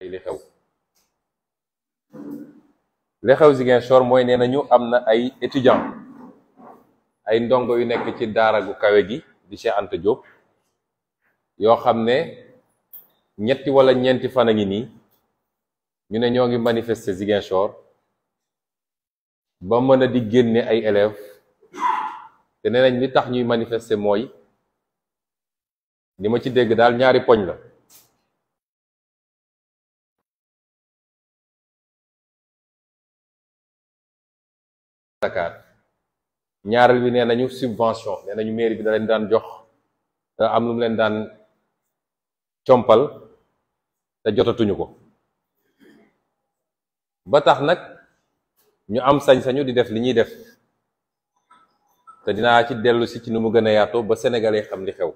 li xew li xew Ziguinchor mooy nee nañu am na ay étudiant ay ndongo yu nekk ci daara gu kawe gi di Cheikh Anta Diop yoo xam ne ñetti wala ñeenti fan a ngi nii ñu ne ñoo ngi manifester Ziguinchor ba mën a di génne ay élèves te nee nañ li tax ñuy manifester mooy lima ci dégg daal ñaari poñ la Dakar ñaareel bi nee nañu subvention nee nañu mairie bi da leen daan jox te am lu mu leen daan compal te jotatuñu ko ba tax nag ñu am sañ-sañu di def li ñuy def te dinaa ci dellu si ci nu mu gën a yaatoo ba sénégalais xam li xew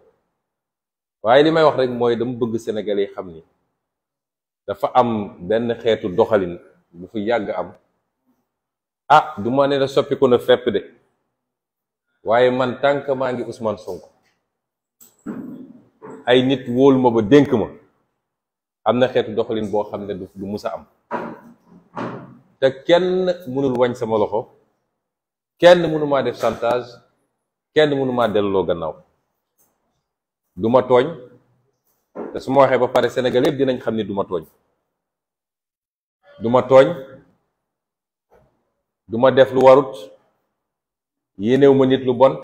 waaye li may wax rek mooy dama bëgg sénégalais xam ni dafa am benn xeetu doxalin bu fi yàgg am ah du ma ne la soppi ko na fépp de waaye man tànk maa ngi Ousmane Sonko ay nit wóoluma ma ba dénk ma am na xeetu doxalin boo xam ne du musa am te kenn mënul wañ sama loxo kenn mënu maa def chantage kenn mënu maa delloo gannaaw du ma tooñ te su ma waxee ba pare Sénégal yëpp dinañ xam ni du ma tooñ du tooñ du ma def lu warut yéenewu ma nit lu bon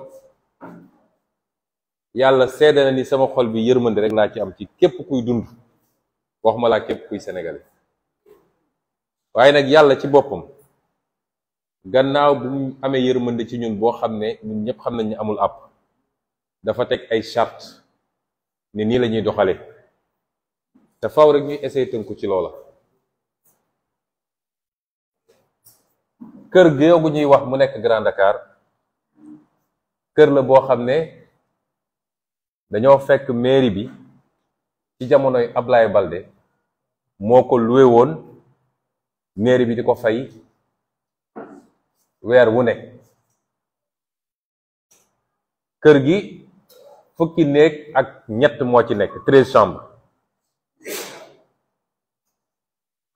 yàlla seede na ni sama xol bi yërmande rek laa ci am ci képp kuy dund waxuma laa képp kuy senegale waaye nag yàlla ci boppam gannaaw bu mu amee yërmande ci ñun boo xam ne ñun ñëpp xam nañ amul àpp dafa teg ay charte ne nii lañuy ñuy doxale te faw rek ñuy essayer tënku ci loola kër googu ñuy wax mu nekk Grand Dakar kër la boo xam ne dañoo fekk mairie bi ci jamonoy Ablaye Balde moo ko loué woon mairie bi di ko fay weer wu ne kër gi fukki néeg ak ñett moo ci nekk treize chambres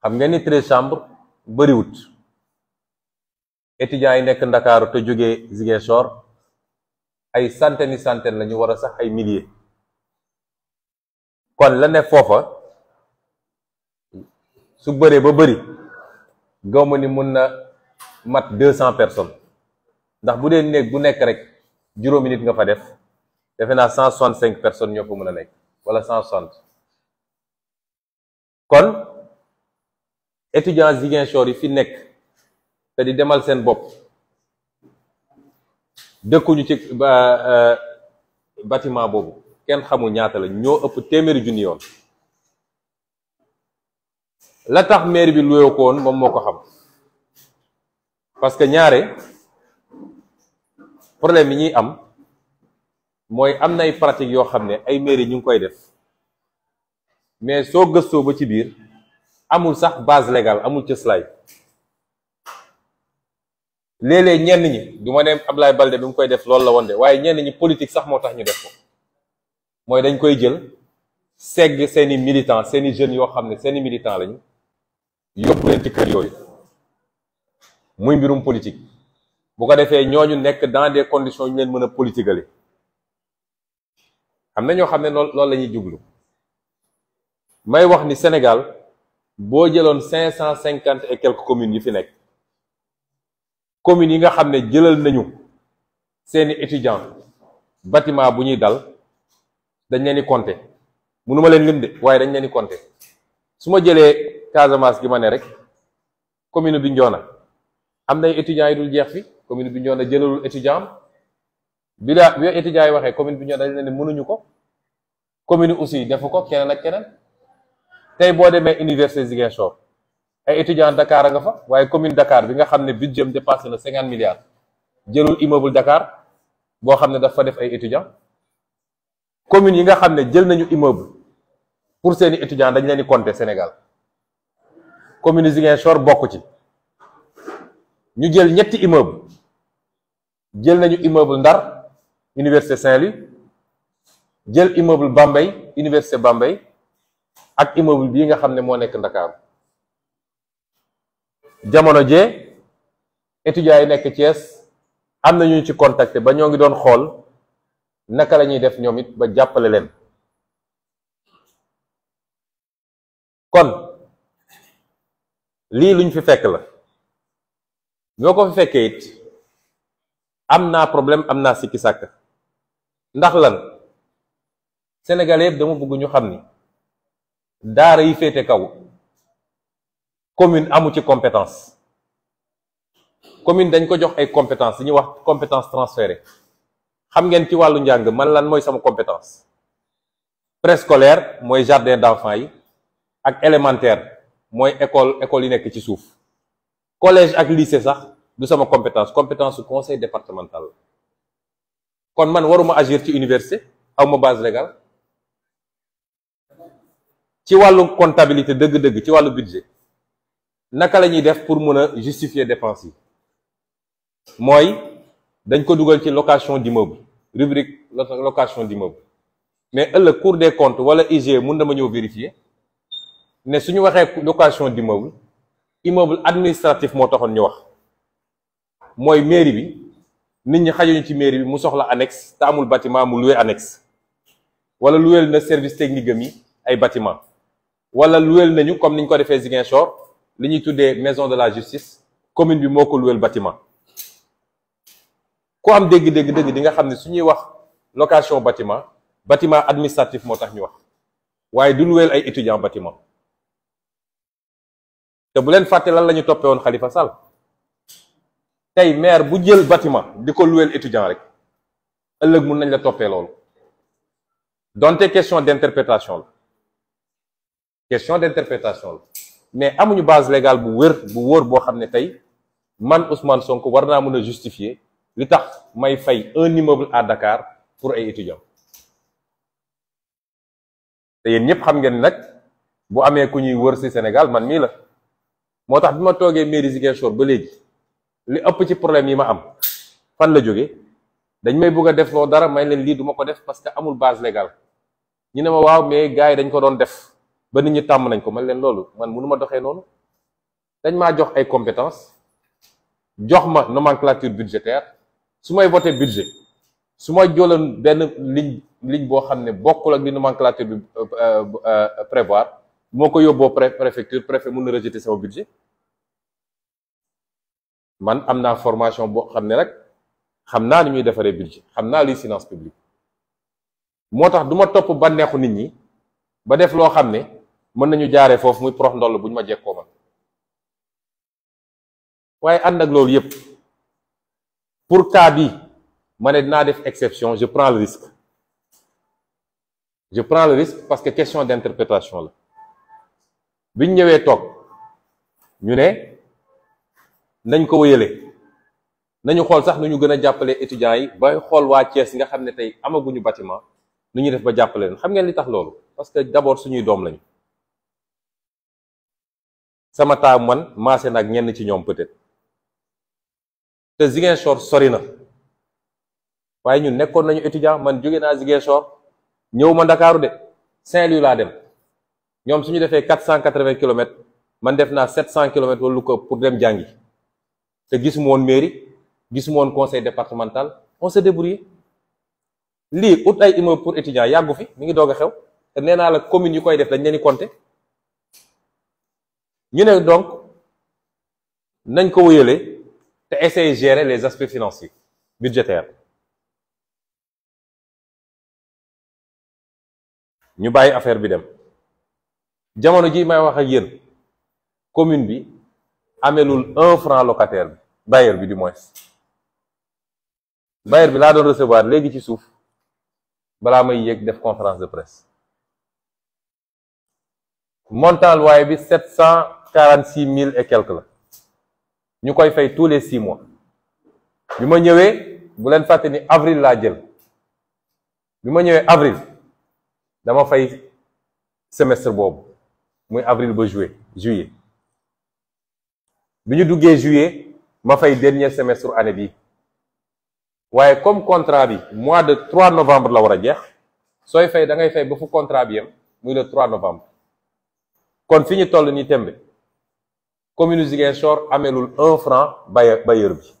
xam ngeen ni treize bariwut étudiants yi nekk ndakaaru te jógee Ziguinchor ay centaine yi centaine la ñu war a sax ay milliers kon la ne foofa su bëree ba bëri gaw ma ni mun na mat deux cent personnes ndax bu dee néeg bu nekk rek juróomi nit nga fa def defe naa cent soixante cinq personnes ñoo fa mën a nekk wala cent soixante kon étudiants Ziguinchor yi fi nekk te di demal seen bopp dëkkuñu ci ba euh, batiment boobu kenn xamul ñaata la ñoo ëpp téeméeri junni yoon la tax maire bi luyoo ko moom moo ko xam parce que ñaare problème yi ñuy am mooy am na ay pratiques yoo xam ne ay mairie ñu ngi koy def mais soo gëstoo ba ci biir amul sax base légale amul cëslaay léeg ñenn ñi du ma ne Ablaye Balde bi mu koy def loolu la woon de waaye ñenn ñi politique sax moo tax ñu def ko mooy dañ koy jël segg seeni militant seeni jeunes yoo xam ne seeni militant lañu yóbbu leen ci kër yooyu muy mbirum politique bu ko defee ñooñu nekk dans des conditions ñu leen mën a politikale am na ñoo xam ne lool loolu la ñuy jublu may wax ni Sénégal boo jëloon cinq cent cinquante et quelques communes yi fi nekk communes yi nga xam ne jëlal nañu seeni étudiant bâtiment bu ñuy dal dañ leen di compter mënuma leen lim de waaye dañ leen di su ma jëlee Casamance gi ma ne rek commune bi Bignona am nay étudiants yi dul jeex fi commune bi Bignona jëlalul étudiant am bi daa bi étudiants yi waxee commune bi Bignona dañ leen ne mënuñu ko commune aussi defu ko keneen ak keneen tey boo demee université Ziguinchor ay étudiants Dakar a nga fa waaye commune Dakar bi nga xam ne budget am dépassé na cinquante milliards jëlul immeuble Dakar boo xam ne daf fa def ay étudiants communes yi nga xam ne jël nañu immeuble pour seeni étudiants dañ leen di compter Sénégal commune Ziguinchor bokk ci ñu jël ñetti immeuble jël nañu immeuble Ndar université Saint-Louis jël immeuble bambay université bambay ak immeuble bii nga xam ne moo nekk Ndakaaru jamono jee étudiants yi nekk Thiès am na ñu ci contacté ba ñoo ngi doon xool naka la ñuy def ñoom it ba jàppale leen kon lii luñ fi fekk la ñoo ko fi fekkee it am naa problème am naa sikki sàkk ndax lan sénégalais yëpp dama bëgg ñu xam ni daara yi féete kaw commune amu ci compétence commune dañ ko jox ay compétence li ñuy wax compétence transférée xam ngeen ci wàllu njàng man lan mooy sama compétence préscolaire mooy jardin d'enfants yi ak élémentaire mooy école école yi nekk ci suuf collège ak lycée sax du sama compétence compétence su conseil départemental kon man waruma agir ci université awma base légale ci wàllu comptabilité dëgg-dëgg ci wàllu budget naka la ñuy def pour mun a justifier dépense yi mooy dañ ko dugal ci location d'immeuble rubrique location d'immeuble mais ëllëg cour des comptes wala IGE mun na ma ñëw vérifier ne suñu waxee location d'immeuble immeuble administratif moo taxoon ñu wax mooy mairie bi nit ñi xajuñu ci mairie bi mu soxla annexe te amul bâtiment mu loué annexe wala loué na service technique am yi ay batiment wala loué nañu comme niñ ko defee Ziguinchor li ñuy tuddee maison de la justice commune bi moo ko luweel bâtiment ku am dégg-dégg dégg di nga xam ne su ñuy wax location bâtiment bâtiment administratif moo tax ñu wax waaye du luweel ay étudiant bâtiment te bu leen fàtte lan la ñu toppee woon Khalifa Sall tey maire bu jël bâtiment di ko luweel étudiant rek ëllëg mun nañ la toppee loolu donte question d'interprétation la question d'interprétation la mais amuñu base légale bu wër bu wóor boo xam ne tey man Ousmane sonk war naa mën a justifier li tax may fay un immeuble à Dakar pour ay étudiants te yéen ñëpp xam ngeen nag bu amee ku ñuy wër ci Sénégal man mii la moo tax bi ma toogee mairie Ziguinchor ba léegi li ëpp ci problème yi ma am fan la jóge dañ may bëgg a def loo dara may leen lii duma ko def parce que amul base légale ñu ne ma waaw mais gars yi dañ ko doon def ba nit ñi tàmm nañ ko man leen loolu man mënu ma doxee noonu dañ maa jox ay compétences jox ma nomenclature budgétaire su may voté budget su may jëloon benn ligne ligne boo xam ne bokkul ak li nomenclature bi euh, euh, euh, prévoir moo ko yóbboo préfecture préfet mun na rejeter sama budget man am naa formation boo xam ne rek xam naa ni ñuy defaree budget xam naa luy finance publique moo tax duma ma topp bànneexu nit ñi ba def loo xam ne mën nañu jaaree foofu muy prox ndoll bu ñu ma jekkoo man waaye ànd ak loolu yépp pour cas bi ma ne dinaa def exception je prends le risque je prends le risque parce que question d'interprétation la bi ñu ñëwee toog ñu ne nañ ko wëyale nañu xool sax nu ñu gën a jàppale étudiants yi bay xool waa Thiès nga xam ne tey amaguñu bâtiment nu ñuy def ba jàppale leen xam ngeen li tax loolu parce que d'abord suñuy doom lañu sama taamu man maase na ak ñenn ci ñoom peut-être te Ziguinchor sori na waaye ñun nekkoon nañu étudiant man jóge naa Ziguinchor ñëw ma Ndakaaru de Saint-Louis laa dem ñoom suñu defee quatre cent quatre-vingts kilomètres man def naa sept cent kilomètres wala ko pour dem jàngi te gisuma woon mairie gisuma woon conseil départemental on s'est débrouillé lii ut ay immeuble pour étudiants yàggu fi mu ngi doog a xew te nee naa la commune yu koy def dañ leen di compter ñu ne donc nañ ko wéyale te essayer gérer les aspects financiers budgétaires ñu bàyyi affaire bi dem jamono ji may wax ak yéen commune bi amelul un franc locataire bi bailleur bi du moins bailleur bi laa doon recevoir léegi ci suuf balaa may yéeg def conférence de presse montant loyer bi quarante six mille et quelque la ñu koy fay tous les six mois bi ma ñëwee bu leen fàtte ni avril laa jël bi ma ñëwee avril dama fay semestre boobu muy avril ba juillet juillet bi ñu duggee juillet ma fay dernier semestre année bi waaye comme contrat bi mois de 3 novembre la war a jeex sooy fay da ngay fay ba fu contrat bi yem muy le 3 novembre kon fi ñu toll nii tembe commune Ziguinchor ameelul un franc bailleur bailleur bi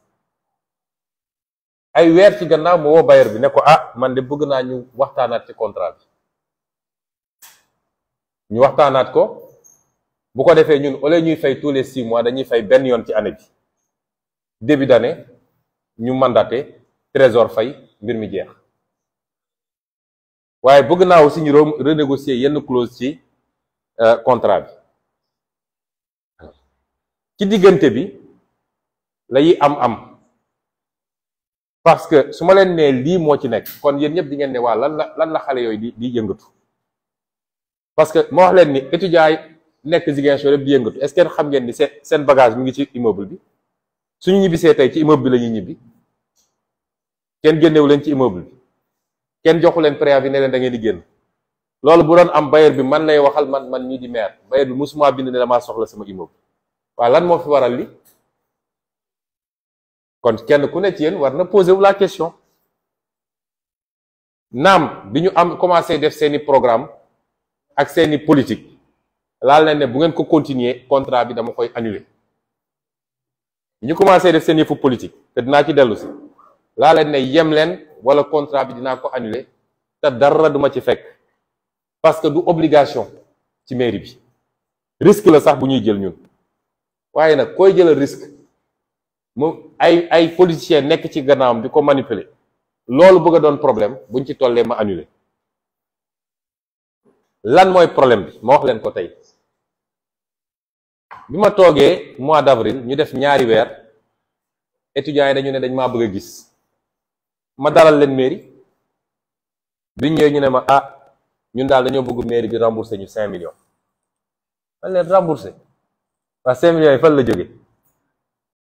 ay weer ci gannaaw mu woo bailleur bi ne ko ah man de bëgg naa ñu waxtaanaat ci contrat bi ñu waxtaanaat ko bu ko defee ñun au ñuy fay tous les six mois dañuy fay benn yoon ci année bi début d'année ñu mandaté trésor fay mbir mi jeex waaye bëgg naa aussi ñu renégocier yenn clause ci euh, contrat bi ci diggante bi layi am am parce que su ma leen nee lii moo ci nekk kon yéen ñëpp di ngeen ne waa lan la lan la xale yooyu di di yëngatu parce que ma wax leen ni étudiants yi nekk Ziguinchor yëpp di yëngatu est-ce que xam ngeen ni seen seen bagage mu ngi ci immeuble bi suñu ñibbisee tey ci immeuble bi lañuy ñibbi kenn génnewu leen ci immeuble bi kenn joxu leen préavis ne leen da ngeen di génn loolu bu doon am bailleur bi man lay waxal man man ñii di maire bailleur bi musuma bind ne damaa soxla sama waa lan moo fi waral li kon kenn ku ne ci yéen war na posé wu la question naam bi ñu am commencé def seeni programme ak seeni politique laal leen ne bu ngeen ko continuer contrat bi dama koy annuler ñu commencé def seen yëfu politique te dinaa ci dellu si laa leen ne yem leen wala contrat bi dinaa ko annuler te dara duma ci fekk parce que du obligation ci mairie bi risque la sax bu ñuy jël ñun waaye nag koy jël risque mu ay ay politiciens nekk ci gannaawam di ko manipuler loolu bëgg a doon problème bu buñ ci tollee ma annuler lan mooy problème bi ma wax leen ko tey bi ma toogee mois d'avril ñu def ñaari weer étudiants yi dañu ne dañ maa bëgg a gis ma dalal leen mairie biñ ñëwee ñu ne ma ah ñun daal dañoo bëgg mairie bi rembourser ñu cinq millions man leen rembourser waa cinq millions yi fan la jóge